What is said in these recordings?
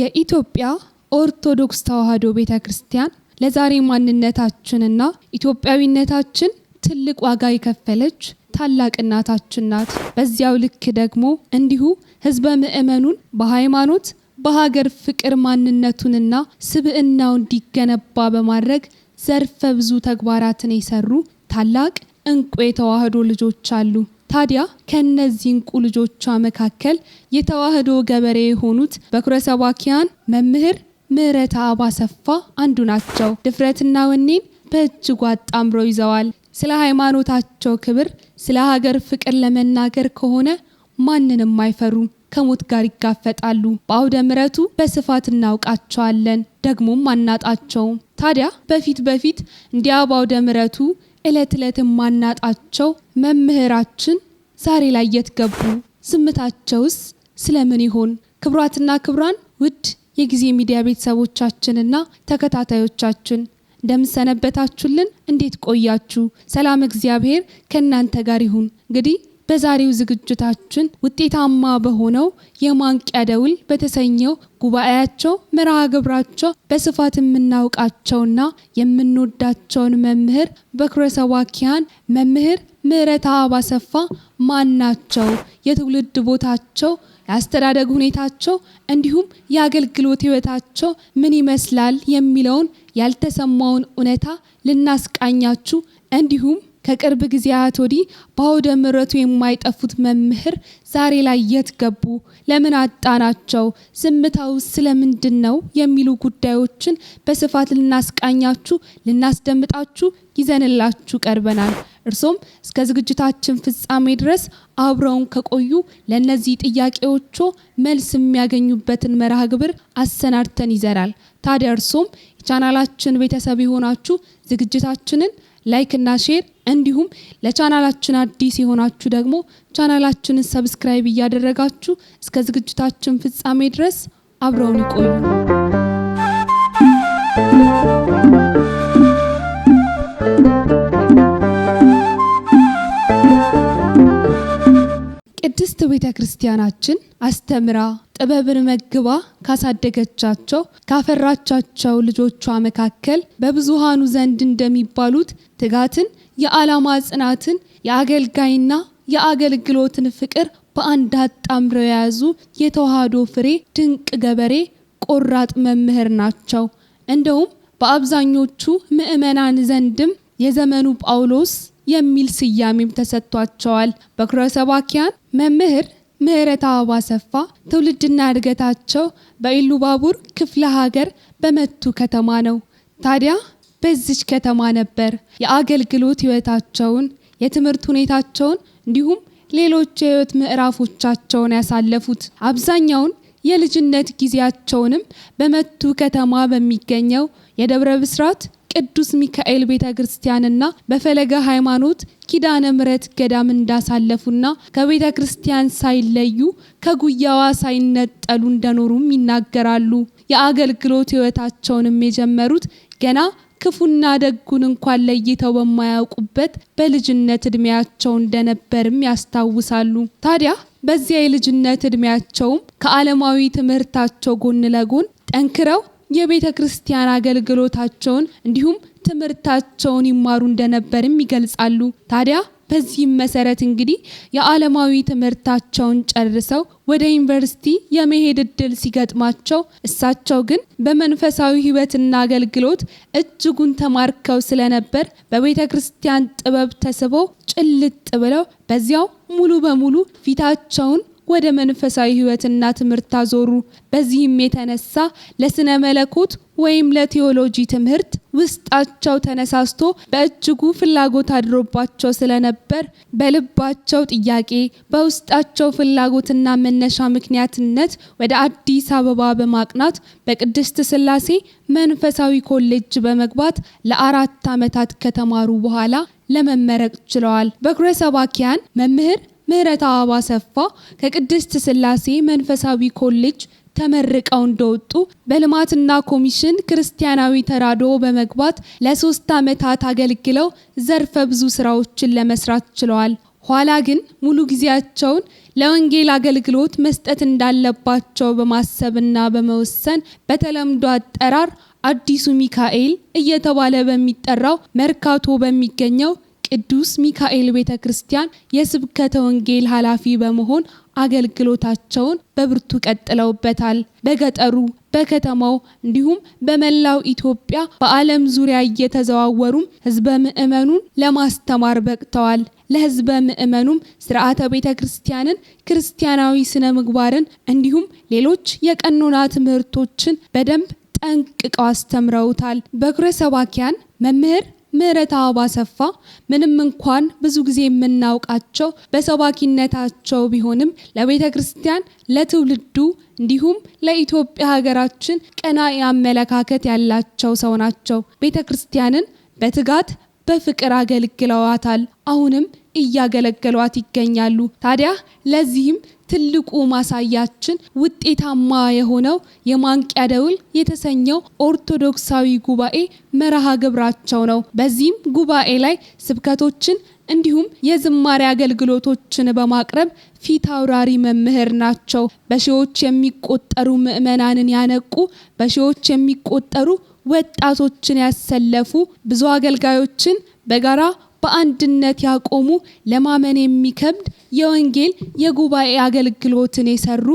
የኢትዮጵያ ኦርቶዶክስ ተዋሕዶ ቤተ ክርስቲያን ለዛሬ ማንነታችንና ኢትዮጵያዊነታችን ትልቅ ዋጋ የከፈለች ታላቅ እናታችን ናት። በዚያው ልክ ደግሞ እንዲሁ ህዝበ ምእመኑን በሃይማኖት በሀገር ፍቅር ማንነቱንና ስብዕናው እንዲገነባ በማድረግ ዘርፈ ብዙ ተግባራትን የሰሩ ታላቅ እንቁ የተዋሕዶ ልጆች አሉ። ታዲያ ከእነዚህ እንቁ ልጆቿ መካከል የተዋህዶ ገበሬ የሆኑት በኩረ ሰባኪያን መምህር ምዕረተአብ አባሰፋ አንዱ ናቸው። ድፍረትና ወኔን በእጅጉ አጣምሮ ይዘዋል። ስለ ሃይማኖታቸው ክብር፣ ስለ ሀገር ፍቅር ለመናገር ከሆነ ማንንም አይፈሩም። ከሞት ጋር ይጋፈጣሉ። በአውደ ምረቱ በስፋት እናውቃቸዋለን፣ ደግሞም አናጣቸውም። ታዲያ በፊት በፊት እንዲያ በአውደ ምረቱ ዕለት ዕለት የማናጣቸው መምህራችን ዛሬ ላይ የት ገቡ? ዝምታቸውስ ስለምን ይሆን? ክብሯትና ክብሯን ውድ የጊዜ ሚዲያ ቤተሰቦቻችንና ተከታታዮቻችን እንደምሰነበታችሁልን፣ እንዴት ቆያችሁ? ሰላም እግዚአብሔር ከእናንተ ጋር ይሁን። እንግዲህ በዛሬው ዝግጅታችን ውጤታማ በሆነው የማንቂያ ደውል በተሰኘው ጉባኤያቸው መርሃ ግብራቸው በስፋት የምናውቃቸውና የምንወዳቸውን መምህር በኩረ ሰባኪያን መምህር ምህረት አባሰፋ ማን ናቸው? የትውልድ ቦታቸው፣ የአስተዳደግ ሁኔታቸው እንዲሁም የአገልግሎት ህይወታቸው ምን ይመስላል የሚለውን ያልተሰማውን እውነታ ልናስቃኛችሁ እንዲሁም ከቅርብ ጊዜያት ወዲህ በአውደ ምረቱ የማይጠፉት መምህር ዛሬ ላይ የት ገቡ? ለምን አጣናቸው? ዝምታው ስለምንድን ነው? የሚሉ ጉዳዮችን በስፋት ልናስቃኛችሁ፣ ልናስደምጣችሁ ይዘንላችሁ ቀርበናል። እርሶም እስከ ዝግጅታችን ፍጻሜ ድረስ አብረውን ከቆዩ ለእነዚህ ጥያቄዎቹ መልስ የሚያገኙበትን መርሃ ግብር አሰናድተን ይዘናል። ታዲያ እርሶም የቻናላችን ቤተሰብ የሆናችሁ ዝግጅታችንን ላይክ እና ሼር እንዲሁም ለቻናላችን አዲስ የሆናችሁ ደግሞ ቻናላችንን ሰብስክራይብ እያደረጋችሁ እስከ ዝግጅታችን ፍጻሜ ድረስ አብረውን ይቆዩ። ቅድስት ቤተ ክርስቲያናችን አስተምራ ጥበብን መግባ ካሳደገቻቸው ካፈራቻቸው ልጆቿ መካከል በብዙሃኑ ዘንድ እንደሚባሉት ትጋትን፣ የዓላማ ጽናትን፣ የአገልጋይና የአገልግሎትን ፍቅር በአንድ አጣምረው የያዙ የተዋህዶ ፍሬ ድንቅ ገበሬ ቆራጥ መምህር ናቸው። እንደውም በአብዛኞቹ ምዕመናን ዘንድም የዘመኑ ጳውሎስ የሚል ስያሜም ተሰጥቷቸዋል። በኩረ ሰባኪያን መምህር ምህረት አበባ ሰፋ ትውልድና እድገታቸው በኢሉ ባቡር ክፍለ ሀገር በመቱ ከተማ ነው። ታዲያ በዚች ከተማ ነበር የአገልግሎት ህይወታቸውን፣ የትምህርት ሁኔታቸውን እንዲሁም ሌሎች የህይወት ምዕራፎቻቸውን ያሳለፉት። አብዛኛውን የልጅነት ጊዜያቸውንም በመቱ ከተማ በሚገኘው የደብረ ብስራት ቅዱስ ሚካኤል ቤተ ክርስቲያንና በፈለገ ሃይማኖት ኪዳነ ምረት ገዳም እንዳሳለፉና ከቤተ ክርስቲያን ሳይለዩ ከጉያዋ ሳይነጠሉ እንደኖሩም ይናገራሉ። የአገልግሎት ህይወታቸውንም የጀመሩት ገና ክፉና ደጉን እንኳን ለይተው በማያውቁበት በልጅነት እድሜያቸው እንደነበርም ያስታውሳሉ። ታዲያ በዚያ የልጅነት እድሜያቸውም ከዓለማዊ ትምህርታቸው ጎን ለጎን ጠንክረው የቤተ ክርስቲያን አገልግሎታቸውን እንዲሁም ትምህርታቸውን ይማሩ እንደነበርም ይገልጻሉ። ታዲያ በዚህም መሰረት እንግዲህ የዓለማዊ ትምህርታቸውን ጨርሰው ወደ ዩኒቨርሲቲ የመሄድ እድል ሲገጥማቸው እሳቸው ግን በመንፈሳዊ ሕይወትና አገልግሎት እጅጉን ተማርከው ስለነበር በቤተ ክርስቲያን ጥበብ ተስበው ጭልጥ ብለው በዚያው ሙሉ በሙሉ ፊታቸውን ወደ መንፈሳዊ ህይወትና ትምህርት አዞሩ። በዚህም የተነሳ ለስነ መለኮት ወይም ለቴዎሎጂ ትምህርት ውስጣቸው ተነሳስቶ በእጅጉ ፍላጎት አድሮባቸው ስለነበር በልባቸው ጥያቄ በውስጣቸው ፍላጎትና መነሻ ምክንያትነት ወደ አዲስ አበባ በማቅናት በቅድስት ስላሴ መንፈሳዊ ኮሌጅ በመግባት ለአራት ዓመታት ከተማሩ በኋላ ለመመረቅ ችለዋል። በኩረ ሰባኪያን መምህር ምህረት አበባ ሰፋ ከቅድስት ስላሴ መንፈሳዊ ኮሌጅ ተመርቀው እንደወጡ በልማትና ኮሚሽን ክርስቲያናዊ ተራድኦ በመግባት ለሶስት ዓመታት አገልግለው ዘርፈ ብዙ ስራዎችን ለመስራት ችለዋል። ኋላ ግን ሙሉ ጊዜያቸውን ለወንጌል አገልግሎት መስጠት እንዳለባቸው በማሰብና በመወሰን በተለምዶ አጠራር አዲሱ ሚካኤል እየተባለ በሚጠራው መርካቶ በሚገኘው ቅዱስ ሚካኤል ቤተ ክርስቲያን የስብከተ ወንጌል ኃላፊ በመሆን አገልግሎታቸውን በብርቱ ቀጥለውበታል። በገጠሩ፣ በከተማው እንዲሁም በመላው ኢትዮጵያ በዓለም ዙሪያ እየተዘዋወሩም ህዝበ ምዕመኑን ለማስተማር በቅተዋል። ለህዝበ ምዕመኑም ስርዓተ ቤተ ክርስቲያንን፣ ክርስቲያናዊ ስነ ምግባርን እንዲሁም ሌሎች የቀኖና ትምህርቶችን በደንብ ጠንቅቀው አስተምረውታል። በኩረ ሰባኪያን መምህር ምህረት አበባ አሰፋ ምንም እንኳን ብዙ ጊዜ የምናውቃቸው በሰባኪነታቸው ቢሆንም ለቤተ ክርስቲያን ለትውልዱ እንዲሁም ለኢትዮጵያ ሀገራችን ቀና አመለካከት ያላቸው ሰው ናቸው። ቤተ ክርስቲያንን በትጋት በፍቅር አገልግለዋታል። አሁንም እያገለገሏት ይገኛሉ። ታዲያ ለዚህም ትልቁ ማሳያችን ውጤታማ የሆነው የማንቂያ ደውል የተሰኘው ኦርቶዶክሳዊ ጉባኤ መርሃ ግብራቸው ነው። በዚህም ጉባኤ ላይ ስብከቶችን እንዲሁም የዝማሬ አገልግሎቶችን በማቅረብ ፊት አውራሪ መምህር ናቸው። በሺዎች የሚቆጠሩ ምዕመናንን ያነቁ፣ በሺዎች የሚቆጠሩ ወጣቶችን ያሰለፉ ብዙ አገልጋዮችን በጋራ በአንድነት ያቆሙ ለማመን የሚከብድ የወንጌል የጉባኤ አገልግሎትን የሰሩ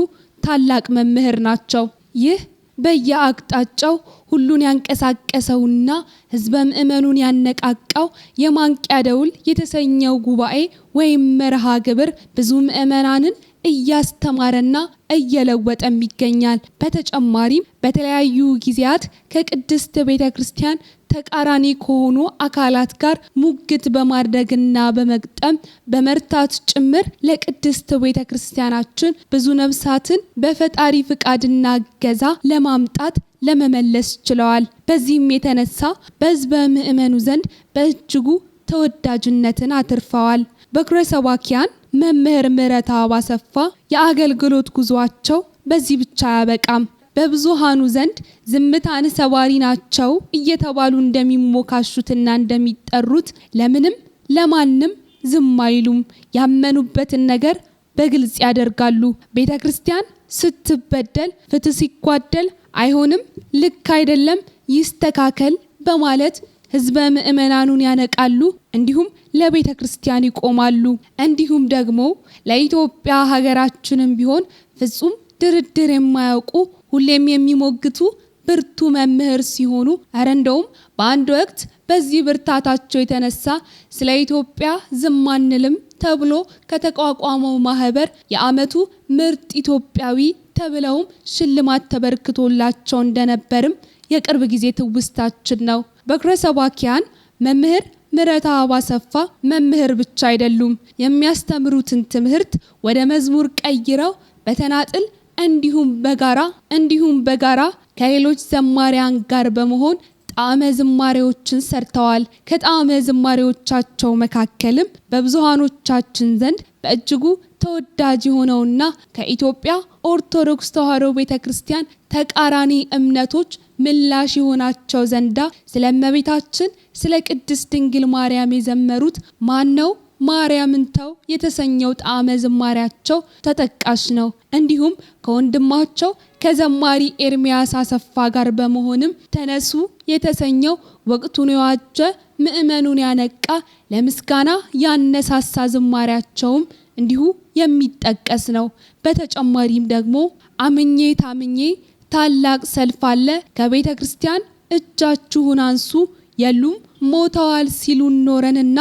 ታላቅ መምህር ናቸው። ይህ በየአቅጣጫው ሁሉን ያንቀሳቀሰውና ህዝበ ምእመኑን ያነቃቃው የማንቂያ ደውል የተሰኘው ጉባኤ ወይም መርሃ ግብር ብዙ ምእመናንን እያስተማረና እየለወጠም ይገኛል። በተጨማሪም በተለያዩ ጊዜያት ከቅድስት ቤተ ክርስቲያን ተቃራኒ ከሆኑ አካላት ጋር ሙግት በማድረግና በመግጠም በመርታት ጭምር ለቅድስት ቤተ ክርስቲያናችን ብዙ ነፍሳትን በፈጣሪ ፍቃድና እገዛ ለማምጣት ለመመለስ ችለዋል። በዚህም የተነሳ በሕዝበ ምእመኑ ዘንድ በእጅጉ ተወዳጅነትን አትርፈዋል። በኩረ ሰባኪያን መምህር ምረታ አሰፋ የአገልግሎት ጉዟቸው በዚህ ብቻ አያበቃም። በብዙሃኑ ዘንድ ዝምታን ሰባሪ ናቸው እየተባሉ እንደሚሞካሹትና እንደሚጠሩት ለምንም ለማንም ዝም አይሉም። ያመኑበትን ነገር በግልጽ ያደርጋሉ። ቤተ ክርስቲያን ስትበደል፣ ፍትህ ሲጓደል አይሆንም፣ ልክ አይደለም፣ ይስተካከል በማለት ህዝበ ምእመናኑን ያነቃሉ፣ እንዲሁም ለቤተ ክርስቲያን ይቆማሉ። እንዲሁም ደግሞ ለኢትዮጵያ ሀገራችንም ቢሆን ፍጹም ድርድር የማያውቁ ሁሌም የሚሞግቱ ብርቱ መምህር ሲሆኑ እረ እንደውም በአንድ ወቅት በዚህ ብርታታቸው የተነሳ ስለ ኢትዮጵያ ዝም አንልም ተብሎ ከተቋቋመው ማህበር የአመቱ ምርጥ ኢትዮጵያዊ ተብለውም ሽልማት ተበርክቶላቸው እንደነበርም የቅርብ ጊዜ ትውስታችን ነው። በኩረሰባኪያን መምህር ምረታ ሰፋ መምህር ብቻ አይደሉም። የሚያስተምሩትን ትምህርት ወደ መዝሙር ቀይረው በተናጥል እንዲሁም በጋራ እንዲሁም በጋራ ከሌሎች ዘማሪያን ጋር በመሆን ጣዕመ ዝማሬዎችን ሰርተዋል። ከጣዕመ ዝማሬዎቻቸው መካከልም በብዙሃኖቻችን ዘንድ በእጅጉ ተወዳጅ የሆነውና ከኢትዮጵያ ኦርቶዶክስ ተዋሕዶ ቤተ ክርስቲያን ተቃራኒ እምነቶች ምላሽ የሆናቸው ዘንዳ ስለ እመቤታችን ስለ ቅድስት ድንግል ማርያም የዘመሩት ማን ነው? ማርያምን ተው የተሰኘው ጣዕመ ዝማሪያቸው ተጠቃሽ ነው። እንዲሁም ከወንድማቸው ከዘማሪ ኤርሚያስ አሰፋ ጋር በመሆንም ተነሱ የተሰኘው ወቅቱን የዋጀ ምእመኑን ያነቃ ለምስጋና ያነሳሳ ዝማሪያቸውም እንዲሁ የሚጠቀስ ነው። በተጨማሪም ደግሞ አምኜ ታምኜ ታላቅ ሰልፍ አለ። ከቤተ ክርስቲያን እጃችሁን አንሱ የሉም ሞተዋል ሲሉ ኖረንና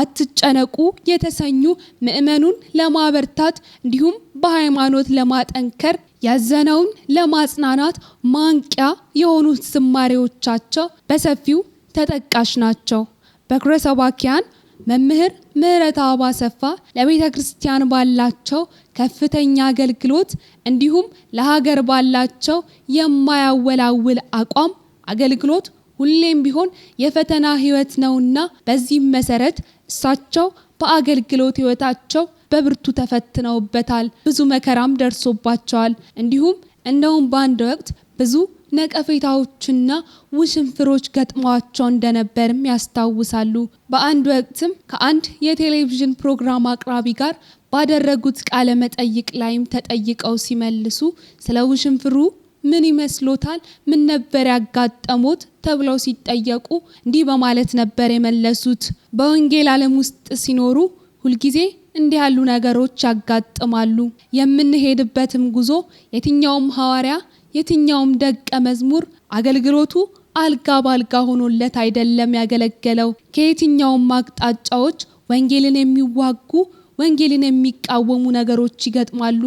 አትጨነቁ የተሰኙ ምእመኑን ለማበርታት እንዲሁም በሃይማኖት ለማጠንከር ያዘነውን ለማጽናናት ማንቂያ የሆኑት ዝማሬዎቻቸው በሰፊው ተጠቃሽ ናቸው። በኩረ ሰባኪያን መምህር ምህረተአብ ሰፋ ለቤተ ክርስቲያን ባላቸው ከፍተኛ አገልግሎት እንዲሁም ለሀገር ባላቸው የማያወላውል አቋም አገልግሎት ሁሌም ቢሆን የፈተና ህይወት ነውና በዚህም መሰረት እሳቸው በአገልግሎት ህይወታቸው በብርቱ ተፈትነውበታል። ብዙ መከራም ደርሶባቸዋል። እንዲሁም እንደውም በአንድ ወቅት ብዙ ነቀፌታዎችና ውሽንፍሮች ገጥመዋቸው እንደነበርም ያስታውሳሉ። በአንድ ወቅትም ከአንድ የቴሌቪዥን ፕሮግራም አቅራቢ ጋር ባደረጉት ቃለ መጠይቅ ላይም ተጠይቀው ሲመልሱ ስለ ውሽንፍሩ ምን ይመስሎታል? ምን ነበር ያጋጠሞት? ተብለው ሲጠየቁ እንዲህ በማለት ነበር የመለሱት። በወንጌል ዓለም ውስጥ ሲኖሩ ሁልጊዜ እንዲህ ያሉ ነገሮች ያጋጥማሉ። የምንሄድበትም ጉዞ የትኛውም ሐዋርያ የትኛውም ደቀ መዝሙር አገልግሎቱ አልጋ ባልጋ ሆኖለት አይደለም ያገለገለው። ከየትኛውም አቅጣጫዎች ወንጌልን የሚዋጉ ወንጌልን የሚቃወሙ ነገሮች ይገጥማሉ።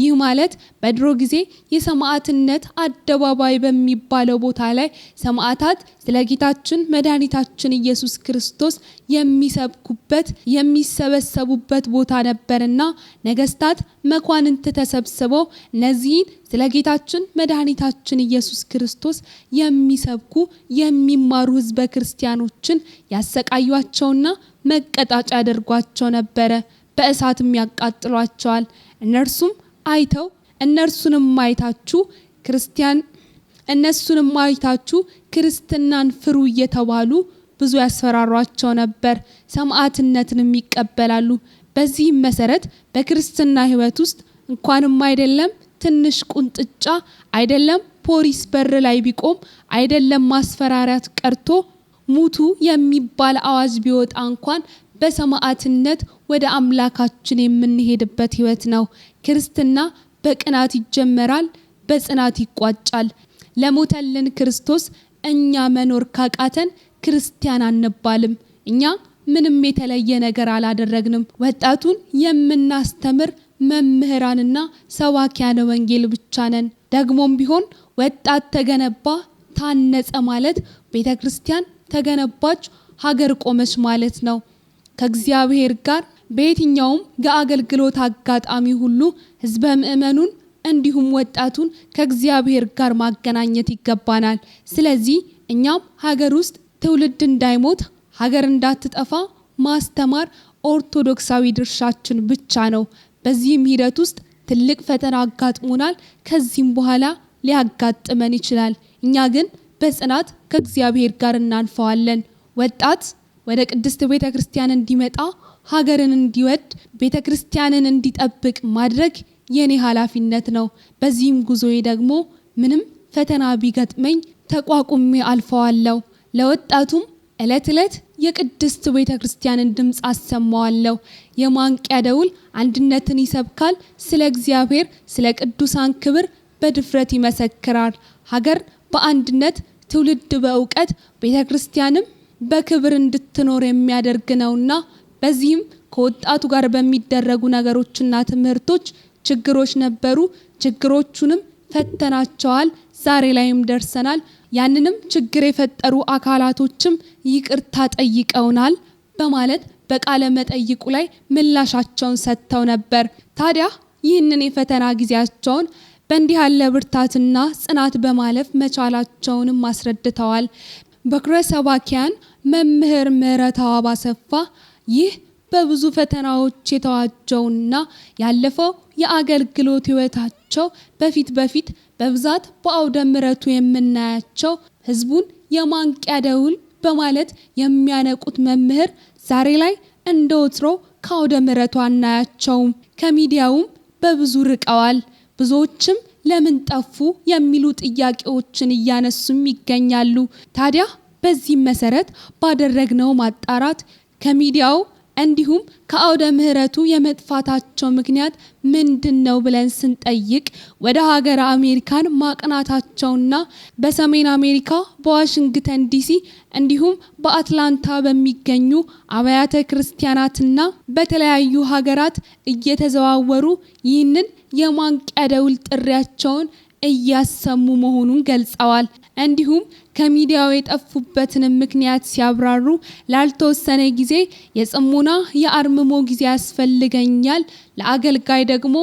ይህ ማለት በድሮ ጊዜ የሰማዕትነት አደባባይ በሚባለው ቦታ ላይ ሰማዕታት ስለ ጌታችን መድኃኒታችን ኢየሱስ ክርስቶስ የሚሰብኩበት የሚሰበሰቡበት ቦታ ነበርና ነገስታት፣ መኳንንት ተሰብስበው እነዚህን ስለ ጌታችን መድኃኒታችን ኢየሱስ ክርስቶስ የሚሰብኩ የሚማሩ ህዝበ ክርስቲያኖችን ያሰቃዩቸውና መቀጣጫ ያደርጓቸው ነበረ። በእሳትም ያቃጥሏቸዋል። እነርሱም አይተው እነርሱንም አይታችሁ ክርስቲያን እነሱንም አይታችሁ ክርስትናን ፍሩ እየተባሉ ብዙ ያስፈራሯቸው ነበር። ሰማዕትነትንም ይቀበላሉ። በዚህም መሰረት በክርስትና ሕይወት ውስጥ እንኳንም አይደለም ትንሽ ቁንጥጫ አይደለም ፖሊስ በር ላይ ቢቆም አይደለም ማስፈራሪያት ቀርቶ ሙቱ የሚባል አዋጅ ቢወጣ እንኳን በሰማዕትነት ወደ አምላካችን የምንሄድበት ህይወት ነው። ክርስትና በቅናት ይጀመራል፣ በጽናት ይቋጫል። ለሞተልን ክርስቶስ እኛ መኖር ካቃተን ክርስቲያን አንባልም። እኛ ምንም የተለየ ነገር አላደረግንም። ወጣቱን የምናስተምር መምህራንና ሰባኪያነ ወንጌል ብቻ ነን። ደግሞም ቢሆን ወጣት ተገነባ፣ ታነጸ ማለት ቤተ ክርስቲያን ተገነባች፣ ሀገር ቆመች ማለት ነው። ከእግዚአብሔር ጋር በየትኛውም የአገልግሎት አጋጣሚ ሁሉ ህዝበ ምእመኑን እንዲሁም ወጣቱን ከእግዚአብሔር ጋር ማገናኘት ይገባናል። ስለዚህ እኛም ሀገር ውስጥ ትውልድ እንዳይሞት ሀገር እንዳትጠፋ ማስተማር ኦርቶዶክሳዊ ድርሻችን ብቻ ነው። በዚህም ሂደት ውስጥ ትልቅ ፈተና አጋጥሞናል። ከዚህም በኋላ ሊያጋጥመን ይችላል። እኛ ግን በጽናት ከእግዚአብሔር ጋር እናንፈዋለን። ወጣት ወደ ቅድስት ቤተ ክርስቲያን እንዲመጣ፣ ሀገርን እንዲወድ፣ ቤተ ክርስቲያንን እንዲጠብቅ ማድረግ የኔ ኃላፊነት ነው። በዚህም ጉዞዬ ደግሞ ምንም ፈተና ቢገጥመኝ ተቋቁሜ አልፈዋለሁ። ለወጣቱም ዕለት ዕለት የቅድስት ቤተ ክርስቲያንን ድምፅ አሰማዋለሁ። የማንቂያ ደውል አንድነትን ይሰብካል፣ ስለ እግዚአብሔር ስለ ቅዱሳን ክብር በድፍረት ይመሰክራል። ሀገር በአንድነት ትውልድ በእውቀት ቤተ ክርስቲያንም በክብር እንድትኖር የሚያደርግ ነውና በዚህም ከወጣቱ ጋር በሚደረጉ ነገሮችና ትምህርቶች ችግሮች ነበሩ። ችግሮቹንም ፈተናቸዋል። ዛሬ ላይም ደርሰናል። ያንንም ችግር የፈጠሩ አካላቶችም ይቅርታ ጠይቀውናል በማለት በቃለ መጠይቁ ላይ ምላሻቸውን ሰጥተው ነበር። ታዲያ ይህንን የፈተና ጊዜያቸውን በእንዲህ ያለ ብርታትና ጽናት በማለፍ መቻላቸውንም አስረድተዋል። በኩረ ሰባኪያን መምህር ምህረተአብ አሰፋ ይህ በብዙ ፈተናዎች የተዋጀውና ያለፈው የአገልግሎት ህይወታቸው በፊት በፊት በብዛት በአውደ ምረቱ የምናያቸው ህዝቡን የማንቂያ ደውል በማለት የሚያነቁት መምህር ዛሬ ላይ እንደ ወትሮ ከአውደ ምረቱ አናያቸውም። ከሚዲያውም በብዙ ርቀዋል። ብዙዎችም ለምን ጠፉ የሚሉ ጥያቄዎችን እያነሱም ይገኛሉ። ታዲያ በዚህም መሰረት ባደረግነው ማጣራት ከሚዲያው እንዲሁም ከአውደ ምህረቱ የመጥፋታቸው ምክንያት ምንድን ነው ብለን ስንጠይቅ ወደ ሀገር አሜሪካን ማቅናታቸውና በሰሜን አሜሪካ በዋሽንግተን ዲሲ እንዲሁም በአትላንታ በሚገኙ አብያተ ክርስቲያናትና በተለያዩ ሀገራት እየተዘዋወሩ ይህንን የማንቂያ ደውል ጥሪያቸውን እያሰሙ መሆኑን ገልጸዋል። እንዲሁም ከሚዲያው የጠፉበትንም ምክንያት ሲያብራሩ ላልተወሰነ ጊዜ የጽሙና የአርምሞ ጊዜ ያስፈልገኛል፣ ለአገልጋይ ደግሞ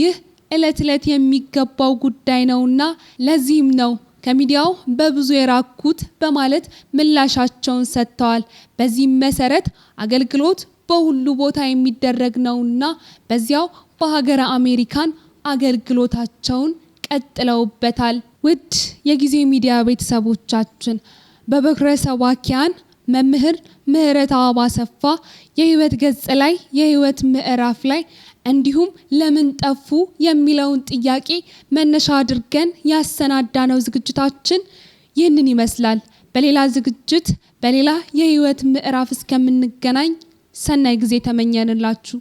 ይህ እለት እለት የሚገባው ጉዳይ ነውና ለዚህም ነው ከሚዲያው በብዙ የራኩት በማለት ምላሻቸውን ሰጥተዋል። በዚህም መሰረት አገልግሎት በሁሉ ቦታ የሚደረግ ነውና በዚያው በሀገረ አሜሪካን አገልግሎታቸውን ቀጥለውበታል። ውድ የጊዜ ሚዲያ ቤተሰቦቻችን በብክረ ሰባኪያን መምህር ምህረት አበባ ሰፋ የህይወት ገጽ ላይ የህይወት ምዕራፍ ላይ እንዲሁም ለምን ጠፉ የሚለውን ጥያቄ መነሻ አድርገን ያሰናዳ ነው ዝግጅታችን ይህንን ይመስላል። በሌላ ዝግጅት በሌላ የህይወት ምዕራፍ እስከምንገናኝ ሰናይ ጊዜ ተመኘንላችሁ።